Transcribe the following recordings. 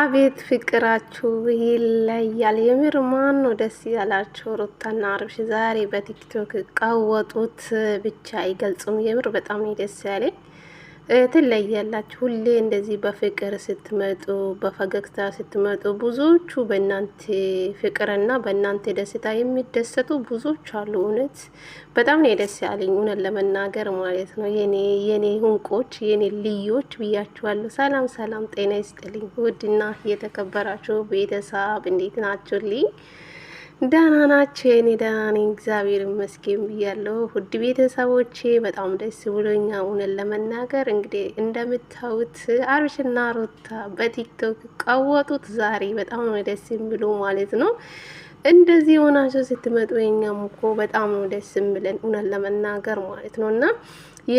አቤት ፍቅራችሁ ይለያል። የምር ማን ነው ደስ ያላችሁ? ሩታና አብርሽ ዛሬ በቲክቶክ ቀወጡት ብቻ አይገልጹም። የምር በጣም ደስ ያለኝ ትለያላችሁ። ሁሌ እንደዚህ በፍቅር ስትመጡ፣ በፈገግታ ስትመጡ ብዙዎቹ በእናንተ ፍቅርና በእናንተ ደስታ የሚደሰቱ ብዙዎች አሉ። እውነት በጣም ነው ደስ ያለኝ እውነት ለመናገር ማለት ነው። የኔ የኔ ሁንቆች የኔ ልዮች ብያችኋለሁ። ሰላም ሰላም፣ ጤና ይስጥልኝ ውድና የተከበራችሁ ቤተሰብ እንዴት ናችሁልኝ? ደህና ናቸው የኔ ደህና ነኝ፣ እግዚአብሔር ይመስገን ብያለሁ። ውድ ቤተሰቦቼ በጣም ደስ ብሎኛ። እውነት ለመናገር እንግዲህ እንደምታዩት አብርሽና ሩታ በቲክቶክ ቀወጡት። ዛሬ በጣም ነው ደስ የሚሉ ማለት ነው። እንደዚህ የሆናቸው ስትመጡ የኛም እኮ በጣም ነው ደስ የሚለን እውነት ለመናገር ማለት ነው እና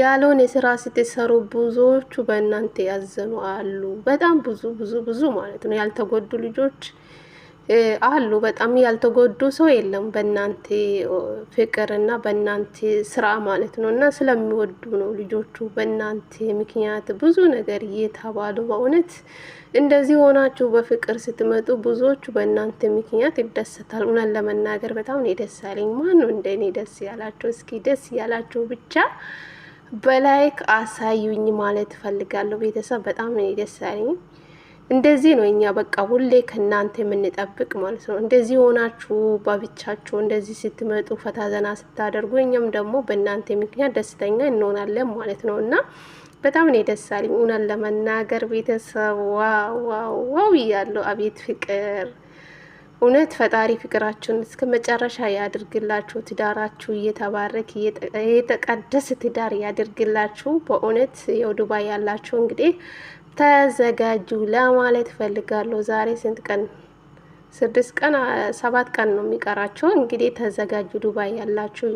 ያለውን የስራ ስትሰሩ ብዙዎቹ በእናንተ ያዘኑ አሉ። በጣም ብዙ ብዙ ብዙ ማለት ነው ያልተጎዱ ልጆች አሉ። በጣም ያልተጎዱ ሰው የለም። በእናንተ ፍቅር እና በእናንተ ስራ ማለት ነው እና ስለሚወዱ ነው ልጆቹ በእናንተ ምክንያት ብዙ ነገር እየተባሉ በእውነት እንደዚህ ሆናችሁ በፍቅር ስትመጡ ብዙዎቹ በእናንተ ምክንያት ይደሰታል። እውነት ለመናገር በጣም ነው ደስ ያለኝ። ማን ነው እንደኔ ደስ ያላቸው? እስኪ ደስ ያላቸው ብቻ በላይክ አሳዩኝ ማለት እፈልጋለሁ። ቤተሰብ በጣም ነው ደስ ያለኝ። እንደዚህ ነው እኛ በቃ ሁሌ ከእናንተ የምንጠብቅ ማለት ነው። እንደዚህ ሆናችሁ ባብቻችሁ እንደዚህ ስትመጡ ፈታ ዘና ስታደርጉ እኛም ደግሞ በእናንተ ምክንያት ደስተኛ እንሆናለን ማለት ነው እና በጣም ነው ደስ አለኝ እውነት ለመናገር ቤተሰብ ዋው ዋው ዋው እያለሁ አቤት ፍቅር እውነት ፈጣሪ ፍቅራችሁን እስከ መጨረሻ ያድርግላችሁ። ትዳራችሁ እየተባረክ እየተቀደስ ትዳር ያድርግላችሁ። በእውነት የው ዱባይ ያላችሁ እንግዲህ ተዘጋጁ ለማለት እፈልጋለሁ። ዛሬ ስንት ቀን? ስድስት ቀን ሰባት ቀን ነው የሚቀራቸው። እንግዲህ ተዘጋጁ ዱባይ ያላችሁ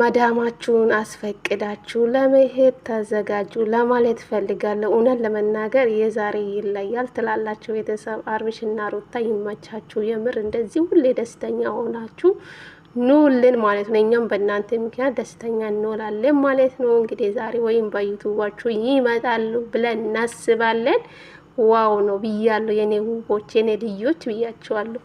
መዳማችሁን አስፈቅዳችሁ ለመሄድ ተዘጋጁ ለማለት ፈልጋለሁ። እውነት ለመናገር የዛሬ ይለያል ትላላችሁ ቤተሰብ። አብርሽና ሩታ ይመቻችሁ። የምር እንደዚህ ሁሌ ደስተኛ ሆናችሁ ኑልን ማለት ነው። እኛም በእናንተ ምክንያት ደስተኛ እንሆናለን ማለት ነው። እንግዲህ ዛሬ ወይም በዩቱባችሁ ይመጣሉ ብለን እናስባለን። ዋው ነው ብያለሁ፣ የኔ ውቦች፣ የኔ ልዮች ብያቸዋለሁ።